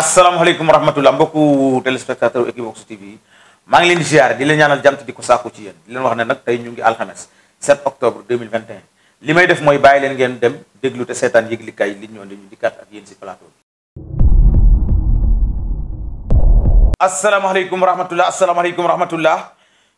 asalaamaaleykum wa rahmatulah mbokku téléspectateur Equivox TV maa ngi leen di ziar di leen ñaanal jàmm di ko sàkku ci yéen di leen wax ne nag tey ñu ngi alxames 7 octobre 2021 li may def mooy bàyyi leen ngeen dem déglu te seetaan yëglikaay li ñoo ñu dikkaat ak yéen si plateau bi. asalaamaaleykum wa rahmatulah asalaamaaleykum wa rahmatulah.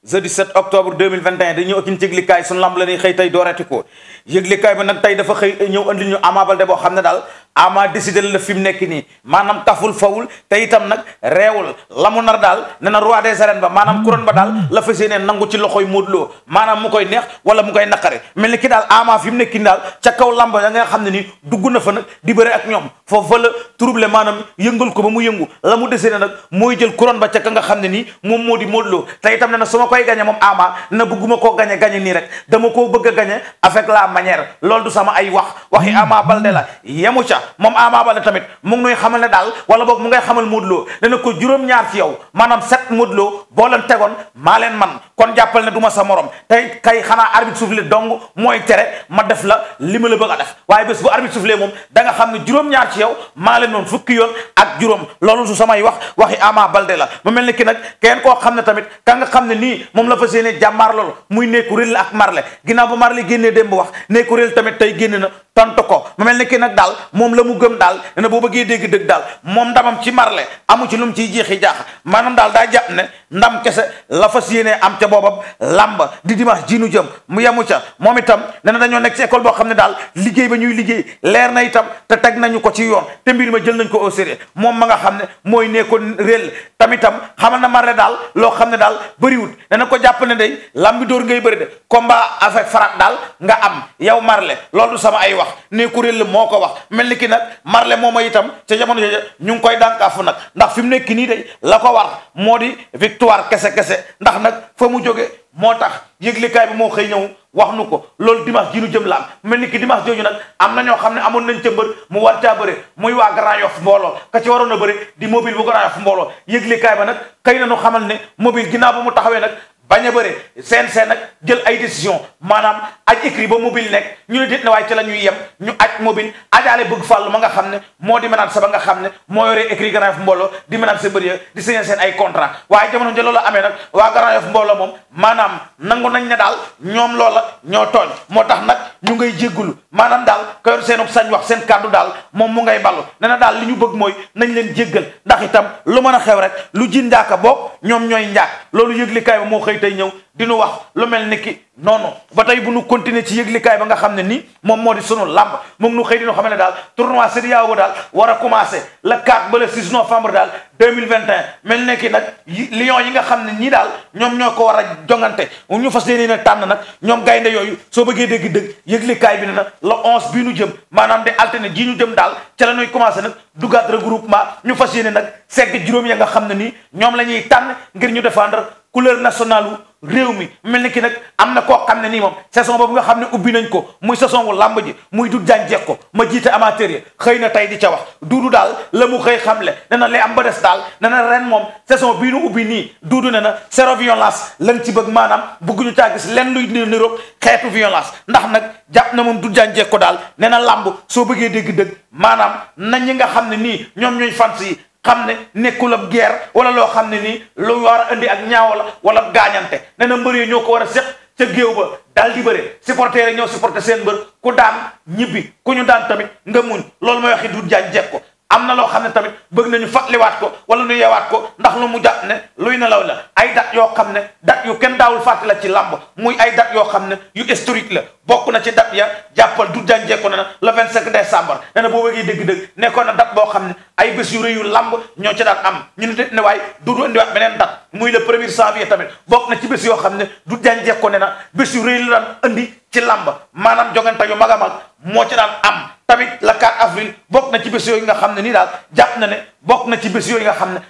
jeudi 7 octobre 2021 dañu ñëw ak yëglikaay sunu lamb la ñuy xëy tey dooreeti ko yëglikaay bi nag tey dafa xëy ñëw indi ñu Ama Baldé boo xam ne daal ama décidé la fi mu nekk nii maanaam taful fawul te itam nag reewul la mu nar daal ne na roi des arènes ba maanaam couronne ba daal la fas yéene nangu ci loxoy Modou Lo maanaam mu koy neex wala mu koy naqare mel ni ki daal ama fi mu nekk nii daal ca kaw lamb ya nga xam ne nii dugg na fa nag di bëre ak ñoom foofa la trouble maanaam yëngal ko ba mu yëngu la mu décidé nag mooy jël couronne ba ca ka nga xam ne nii moom moo di Modou te itam ne na su ma koy gañe moom ama na bëgguma koo gañe gañe nii rek dama koo bëgg a avec la manière loolu du sama ay wax waxi ama balde la yemu ca moom Ama Baldé tamit mu ngi nuy xamal ne daal wala boog mu ngay xamal Modou Lo dana ko juróom-ñaar ci yow maanaam set Modou Lo boo leen tegoon maa leen man kon jàppal ne du ma sa morom tey kay xanaa arbitre soufflé dong mooy tere ma def la li ma la bëgg a def waaye bés bu arbitre soufflé moom da nga xam ne juróom-ñaar ci yow maa leen noon fukki yoon ak juróom loolu su samay wax waxi amaa Baldé la mu mel ne ki nag kenn koo xam ne tamit ka nga xam ne nii moom la fas yéene jàmmaar loolu muy nekku réel la ak marle ginnaaw ba marle génnee démb wax nekku réel tamit tey génne na tontu ko mu mel ni ki nag daal moom la mu gëm daal ne boo bëggee dégg dëgg daal moom ndamam ci marle amu ci lu mu ciy jeexi jaax maanaam daal daa jàpp ne ndam kese lafas fas am ca boobam làmba di dimanche ji nu jëm mu yemu ca moom itam nee na dañoo nekk ci école boo xam ne daal liggéey ba ñuy liggéey leer na itam te teg nañu ko ci yoon te mbir ma jël nañ ko au sérieux moom ma nga xam ne mooy nekkoon réel tamitam xamal na Marley daal loo xam ne daal bëriwut dana ko jàpp ne day lambi dóor ngay bëri de combat avec frappe daal nga am yow Marley loolu sama ay wax ne kuréel la moo ko wax mel ni ki nag Marley moo ma itam ca jamono jooja ñu ngi koy dànkaafu nag ndax fi mu nekk nii day la ko war moo di victoire kese kese ndax nag fa mu jóge moo tax yëglikaay bi moo xëy ñëw wax nu ko loolu dimanche ji nu jëm la am mel ni ki dimanche jooju nag am na ñoo xam ne amoon nañ ca mbër mu war caa bëre muy waa Grand Yoff mbooloo ka ci waroon a bëre di mobile bu Grand Yoff mbooloo yëgle kaay ba nag kay na nu xamal ne mobile ginaa ba mu taxawee nag bañ a bëre CNC nag jël ay décision maanaam aj écrit ba mobile nekk ñu ne déet na waaye ci la ñuy yem ñu aj mobile ajaale bëgg fàllu ma nga xam ne moo di menaat sa ba nga xam ne moo yore écrit Grand Yoff mbooloo di menaat sa bëri di signé seen ay contrat waaye jamono ja loola amee nag waa Grand Yoff mbooloo moom maanaam nangu nañ ne daal ñoom loola ñoo tooñ moo tax nag ñu ngay jéggulu maanaam daal ka yor sañ wax seen kàddu daal moom mu ngay ballu nee daal li ñu bëgg mooy nañ leen jéggal ndax itam lu mën a xew rek lu ji njaaka bokk ñoom ñooy njaak loolu yëglikaay ba moo xëy tey ñëw di nu wax lu mel ni ki noonu ba tey bu nu continuer ci yëglikaay ba nga xam ne nii moom moo di sunu làmb mu ngi nu xëy di nu xam ne daal tournoi Serie A daal war a commencé le 4 ba le 6 novembre daal 2021 mel ni ki nag lion yi nga xam ne ñii daal ñoom ñoo ko war a jongante ñu fas yéene ne tànn nag ñoom gaynde yooyu soo bëggee dégg dëgg yëglikaay bi na nag le once bii nu jëm maanaam di alterné ji ñu jëm daal ca la ñuy commencé nag dugaat regroupement ñu fas yéene nag segg juróom ya nga xam ne nii ñoom la ñuy tànn ngir ñu défendre couleur nationale réew mi mel ni ki nag am na koo xam ne nii moom saison boobu nga xam ne ubbi nañ ko muy saison wu làmb ji muy du jànjeek ko ma jiite amateur yi xëy na tey di ca wax duudu daal la mu xëy xamle ne na lay am ba des daal ne na moom saison bii nu ubbi nii duudu ne na sero violence lan ci bëgg maanaam bëgguñu caa len lenn luy niroog xeetu violence ndax nag jàpp na moom du jànjeek ko daal ne na làmb soo bëggee dégg-dëgg maanaam nañ ñi nga xam ne nii ñoom ñooy fans yi xam ne nekkul ab guerre wala loo xam ne nii lu war a indi ak ñaaw la wala gaañante nee na mbër yi ñoo ko war a seq ca géew ba daal di bëre supporter yi ñoo supporter seen mbër ku daan ñibbi ku ñu daan tamit nga muñ loolu mooy a du jaan jekk ko am na loo xam ne tamit bëgg nañu fàttaliwaat ko wala ñu yeewaat ko ndax lu mu jàpp la ay dat yoo xam ne dat yu kenn daawul fàtte la ci lamb muy ay dat yoo xam ne yu historique la bokk na ci dat ya jàppal du janjeeko na na le 25 décembre nee na boo wégee dëgg-dëgg nekkoon na dat boo xam ne ay bés yu rëyu làmb ñoo ci daan am ñu ne ne waaye dudu indiwaat beneen dat muy le premier janvier tamit bok na ci bés yoo xam ne du janjeeko ne na bés yu rëy la daan andi ci làmb maanaam jongante yu mag a mag moo ci daan am tamit le 4 avril bokk na ci bés yooyu nga xam ne nii daal jàpp na ne bokk na ci bés yooyu nga xam ne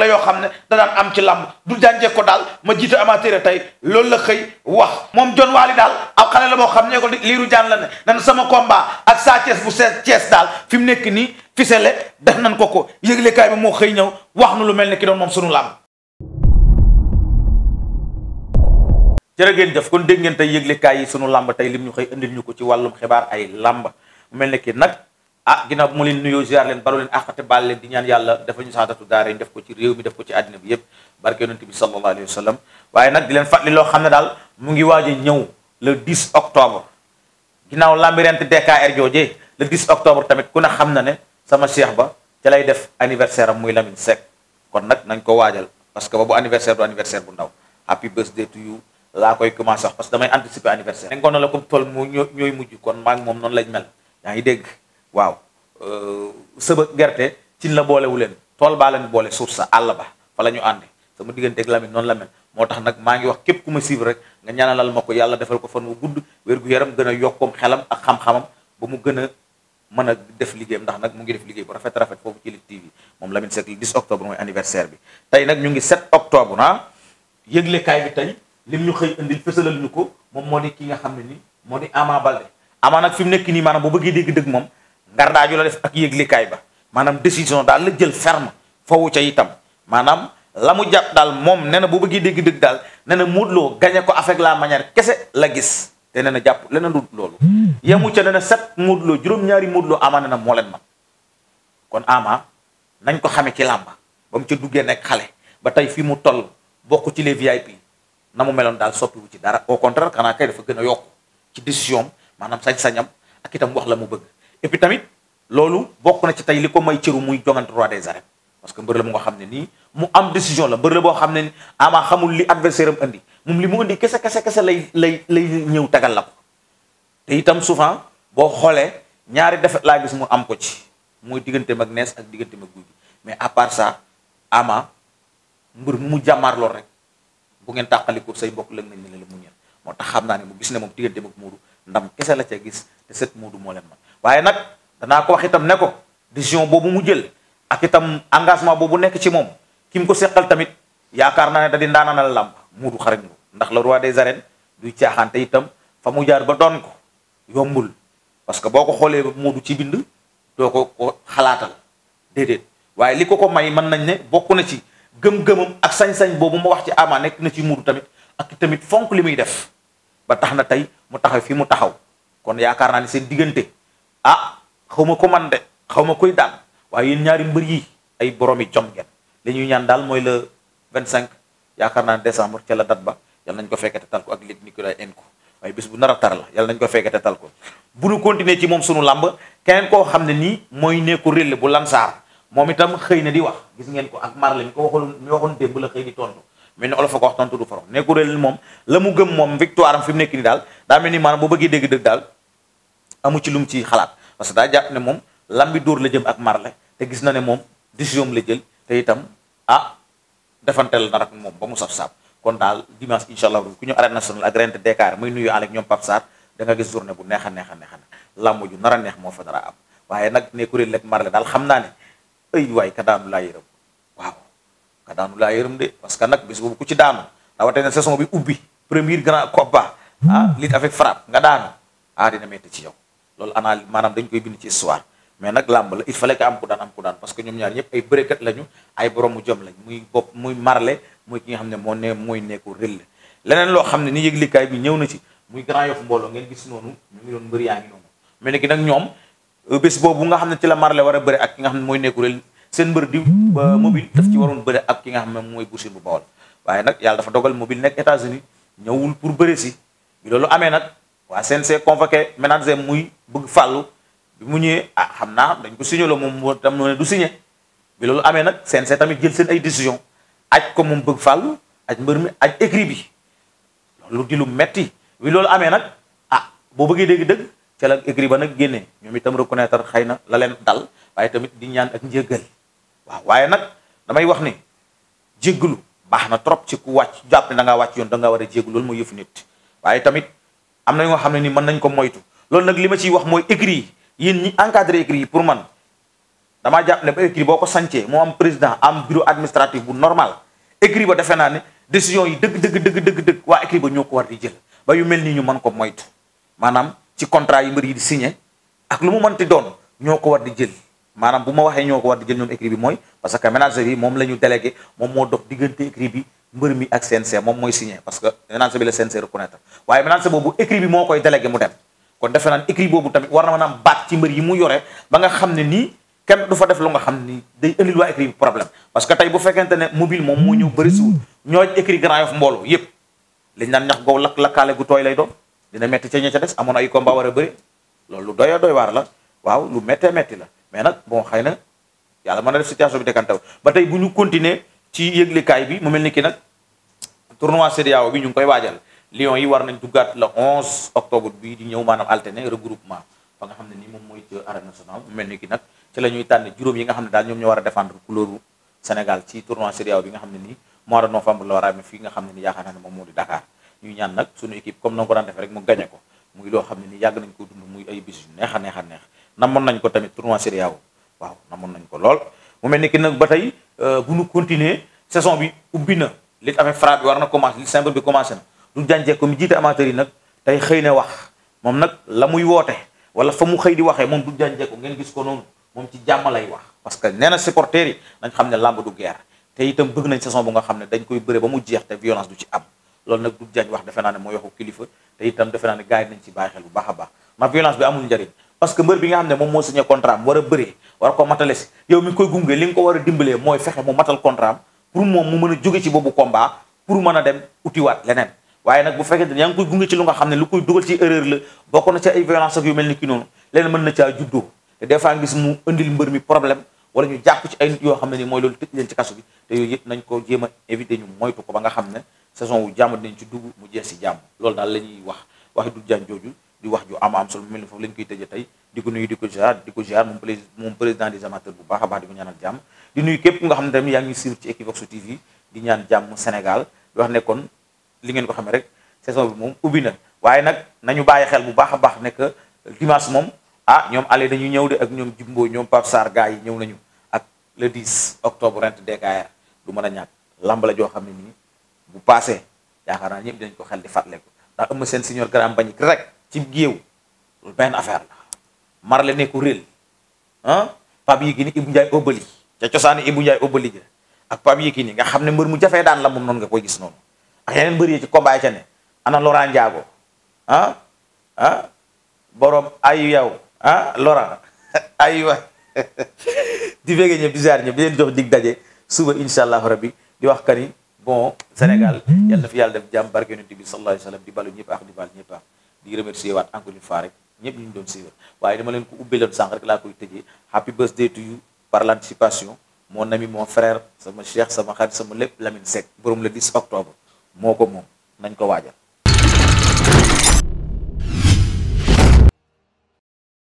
la yoo xam ne da daan am ci làmb du jànjee ko daal ma jiite amateur tey loolu la xëy wax moom John Waly daal aw xale la boo xam ne ko liiru jaan la ne nan sama combat ak Sa Thiès bu Sa Thiès daal fi mu nekk nii fisele def nañ ko ko yëglekaay bi moo xëy ñëw wax nu lu mel ne ki doon moom sunu làmb jërë ngeen jëf kon dégg ngeen yëglekaay yi sunu làmb tey lim ñu xëy indil ñu ko ci wàllum xibaar ay làmb mel ne kii nag ah ginnaaw bu ma leen nuyoo ziar leen balu leen àqate baal leen di ñaan yàlla dafa ñu saadatu daare def ko ci réew mi def ko ci àddina bi yépp barke yonente bi sallallahu alayhi wa waaye nag di leen fàttali loo xam ne daal mu ngi waaj a ñëw le 10 octobre ginnaaw lambirent DKR joojee le 10 octobre tamit ku ne xam na ne sama cheikh ba ca lay def anniversaire am muy Lamine Seck kon nag nañ ko waajal parce que ba bu anniversaire doo anniversaire bu ndaw happy birthday laa koy commencé wax que damay anticiper anniversaire. ne ngoon na la comme tool mu kon maa moom noonu lañ mel yaa ngi dégg waaw euh, sëba gerte cin la boolewu leen tool baa leen boole suuf sa àll ba fa la ñu àndi sama digganteeg Lamine noonu la mel moo tax nag maa ngi wax képp ku ma suivre rek nga ñanalal ma ko yàlla defal ko fan wu gudd wér-gu-yaram gën a yokkoom xelam ak xam-xamam ba mu gën a mën a def liggéeyam ndax nag mu ngi def liggéey bu rafet rafet foofu ci Lutte TV moom Lamine Seck 10 octobre mooy anniversaire bi tey nag ñu ngi set octobre ah yëglekaay bi tey lim ñu xëy indil fësalal ñu ko moom moo di ki nga xam ne ni moo di Ama Balde Ama nag mu nekk nii maanaam bu bëggee dégg dëgg moom gardaaju la def ak yëglikaay ba maanaam décision daal la jël ferme foofu ca itam maanaam la mu jàpp daal moom nee na bu bëggee dégg dëgg daal nee na Modou Lo gagné ko avec la manière kese la gis te nee jàpp leneen du loolu yemu ca nee na set Modou juróom-ñaari Modou Lo ama na moo leen ma kon ama nañ ko xamee ci làmba ba mu ci duggee nekk xale ba tey fii mu toll bokk ci lee VIP na mu meloon daal soppiwu ci dara au contraire xanaa kay dafa gën a yokk ci décision maanaam sañ-sañam ak itam wax la mu bëgg et tamit loolu bokk na ci tey li ko may cëru muy jongante roi des arènes parce que mbër la mu nga xam ne nii mu am décision la mbër la boo xam ne ni ama xamul li adversaire am indi moom li mu andi kese kese kese lay lay lay ñëw tagal la ko te itam souvent boo xoolee ñaari defet laa gis mu am ko ci mooy diggante mag nees ak diggante mag guy bi mais à part ça ama mbër mu mu jàmmaar lool rek bu ngeen tàqaliko say mbokk lëg nañ ne la mu ñeen moo tax xam naa ne mu gis ne moom diggante mag Moodu ndam kese la ca gis te set Moodu moo leen man waaye nag danaa ko wax itam ne ko décision boobu mu jël ak itam engagement boobu nekk ci moom ki mu ko seqal tamit yaakaar naa ne da di ndaanaanal làmb muudu xarañ lu ndax le roi des arènes duy te itam fa mu jaar ba doon ko yombul parce que boo ko xoolee muudu ci bind doo ko ko xalaatal déedéet waaye li ko ko may mën nañ ne bokk na ci gëm-gëmam ak sañ-sañ boobu ma wax ci ama nekk na ci muudu tamit ak tamit fonk li muy def ba tax na tey mu taxaw fi mu taxaw kon yaakaar naa ne seen diggante ah xaw ma ko man de xaw ma kuy daan waaye yéen ñaari mbër yi ay boromi jom ngeen li ñuy ñaan daal mooy le 25 yaakaar naa décembre ca la date ba yal nañ ko fekkete tal ko ak lit ni ko day en ko bu nar a tar la yal nañ ko ko bu nu continuer ci moom sunu làmb keneen koo xam ne nii mooy nekku réll bu lansaar moom itam xëy na di wax gis ngeen ko ak marle mi ko waxoon mi waxoon démb la xëy di tontu mais ni olof a ko wax tontu du faro nekku réll moom la mu gëm moom victoire am fi mu nekk ni daal daa mel ni maanaam bu bëggee dégg dëgg daal amu ci lu mu ciy xalaat parce que daa jàpp ne moom lambi dóor la jëm ak marle te gis na ne moom décision la jël te itam ah defanteel na rak moom ba mu saf saab kon daal dimanche incha allah ku ñëw arène nationale ak rent Dakar muy nuyu ànd ak ñoom Pape danga gis journée bu neex a neex a neex a làmb ju nar a neex moo fa dara am waaye nag ne kuréel ak marle daal xam naa ne ay waay ka daanu laa yërëm waaw ka daanu laa yërëm de parce que nag bis boobu ku ci daanu rawatina saison bi ubbi premier grand combat ah lutte avec frappe nga daanu ah dina métti ci yow. loolu analyse maanaam dañ koy bind ci histoire mais nag làmb la il fallait que am ku daan am ku daan parce que ñoom ñaar ñëpp ay bërekat lañu ay boromu jom lañ muy marle muy ki nga xam ne moo ne mooy nekku rëll leneen loo xam ne ni yëglikaay bi ñëw na ci muy grand yof mbooloo ngeen gis noonu ñu ngi doon mbër yaa ngi noonu mais nag nag ñoom euh, bés boobu nga xam ne ci la marle war a bëre ak ki nga xam ne mooy nekku rëll seen mbër di mobile daf ci waroon bëre ak ki nga mooy bursin bu bawol waaye nag yàlla dafa dogal mobile nekk États-Unis ñëwul pour bëre si bi waa CNC convoqué manager muy bëgg fàllu bi mu ñëwee ah xam naa dañ ko signé la moom tam ne du signé bi loolu amee nag CNC tamit jël seen ay décision aj ko moom bëgg fàllu aj mbër mi aj écrit bi loolu di lu metti bi loolu amee nag ah boo bëggee dégg dëgg ca la écrit ba nag génnee ñoom itam reconnaître xëy na la leen dal waaye tamit di ñaan ak njéggal waaw waaye nag damay wax ni jéggalu baax na trop ci ku wàcc jàpp na nga ngaa wàcc yoon da ngaa war a jéggalu loolu mooy yëfu nit am na ñoo xam ne nii mën nañ ko moytu loolu nag li ma ciy wax mooy écrit yi yéen ñi encadré écrit yi pour man damaa jàpp ne ba écrit boo ko sancee moom am président am bureau administratif bu normal écrit ba defe naa ne décision yi dëgg dëgg dëgg dëgg dëgg waa écrit ba ñoo ko war di jël ba yu mel nii ñu man ko moytu maanaam ci contrat yi mbër yi di signé ak lu mu mënti doon ñoo ko war di jël maanaam bu ma waxee ñoo ko war jël ñoom écrit bi mooy parce que manager moom la ñu délégué moom moo dox diggante écrit bi mbër mi ak CNC moom mooy signé parce que ménance bi la CNC reconnaître moo koy délégué mu dem kon defe naan écrit boobu tamit war na mën a am baat ci mbër yi mu yore ba nga xam ne nii kenn du fa def lu nga xam ni day indil waa écrit bi problème parce que tey bu fekkente ne mobile moom moo ñëw bëri suul ñooj écrit Grand Yoff mbooloo yépp naan ñax gow lak lakkaale gu tooy lay doo dina metti ca ña ca des amoon ay combat war a bëri loolu lu doy doy waar la waaw lu méttee métti la mais nag bon xëy na yàlla mën na def situation bi dekantaw ba tey ci yëglikaay bi mu mel ni ki nag tournoi CEDEAO bi ñu ngi koy waajal Lions yi war nañ duggaat le 11 octobre bi di ñëw maanaam alterné regroupement ba nga xam ne ni moom mooy ci arène nationale mu mel ni ki nag la ñuy tànn juróom yi nga xam ne daal ñoom ñoo war a défendre couleuru Sénégal ci tournoi CEDEAO xam ne nii mois de novembre war fii nga xam ne ni moom moo di Dakar ñuy ñaan nag suñu équipe comme na ko daan defee rek mu gañe ko muy loo xam ne ni yàgg nañ ko dund muy ay bis yu neexa a neex a neex nañ ko tamit tournoi CEDEAO waaw namoon nañ ko lool mu mel ni ki nag ba tey Euh, bu ñu continuer saison bi ubbi na lutte avec frappe bi war na commencé lutte simple bi commencé na du jànjee ko mi jiite amateur yi nag tey xëy na wax moom nag la muy woote wala fa mu xëy di waxee moom du jànjee ko ngeen gis ko noonu moom ci jàmm lay wax parce que nee na yi nañ xam ne làmb du guerre te itam bëgg nañ saison bu nga xam ne dañ koy bëre ba mu jeex te violence du ci am loolu nag du jaañ wax defe naa ne mooy yoxu kilifa te itam defe naa ne gars nañ ci bàyyi bu baax a baax ma violence bi amul njëriñ parce que mbër bi nga xam ne moom moo signé contrat am war a bëree ko matale si yow mi koy gunge li nga ko war a dimbalee mooy fexe mu matal contrat pour moom mu mën a jóge ci boobu combat pour mën a dem utiwaat leneen waaye nag bu fekkee ne yaa ngi koy gunge ci lu nga xam ne lu koy dugal ci erreur la bokk na a ay violence ak ni ki noonu leneen na caa juddoo te des fois gis mu mi problème wala ñu jàpp ci ay nit xam ne ni mooy loolu tëj leen ci kasu bi te yooyu yëpp nañ ko jéem a éviter ñu moytu ko ba nga xam ne saison wu jàmm dinañ ci dugg mu loolu daal la ñuy wax waxi du jaan jooju di wax ju am am solo mel ni foofu lañ koy tëjee tey di di ko ziar moom président moom président des amateurs bu baax a baax di ko ñaanal jàmm di nuyu képp nga xam ne tamit yaa ngi suivre ci Equivox TV di ñaan jàmm Sénégal di wax nekkoon li ngeen ko xamee rek saison bi moom ubbi na waaye nag nañu bàyyi xel bu baax a baax ne que dimanche moom ah ñoom ale dañu ñëw de ak ñoom Jimbo ñoom Pape Sarr gars yi ñëw nañu ak le 10 octobre rent DKR du mën a ñàkk lamb la joo xam ne nii bu passé yaakaar naa ñëpp dañ ko xel di fàttaliku ndax ëmm seen senior grand bañik rek ci géew benn affaire la marle nekku réel ah Pape Yékini Ibou Ndiaye Obali ca cosaani Ibou Ndiaye Obali ja ak Pape Yékini nga xam ne mbër mu jafee daan la moom noonu nga koy gis noonu ak yeneen mbër yi ci combat ca ne ana ah, ah, borom ayu yow ah Laurent ayu wa di fekkee ñëpp di ziar ñëpp jox dig daje suba incha allahu rabbi di wax kani bon Sénégal mm-hmm. yàlla na fi yàlla def jàmm barke yonent bi sallallahu alayhi di balu ñëpp ak di bal ñëpp di remercier waat encore une fois rek ñëpp ñu doon suivre waaye dama leen ko ubbeeloon sànq rek laa koy tëjee happy birthday to you par l'anticipation moo ami mon frère sama cheikh sama xarit sama lépp lamin Seck borom la 10 octobre moo ko moom nañ ko waaja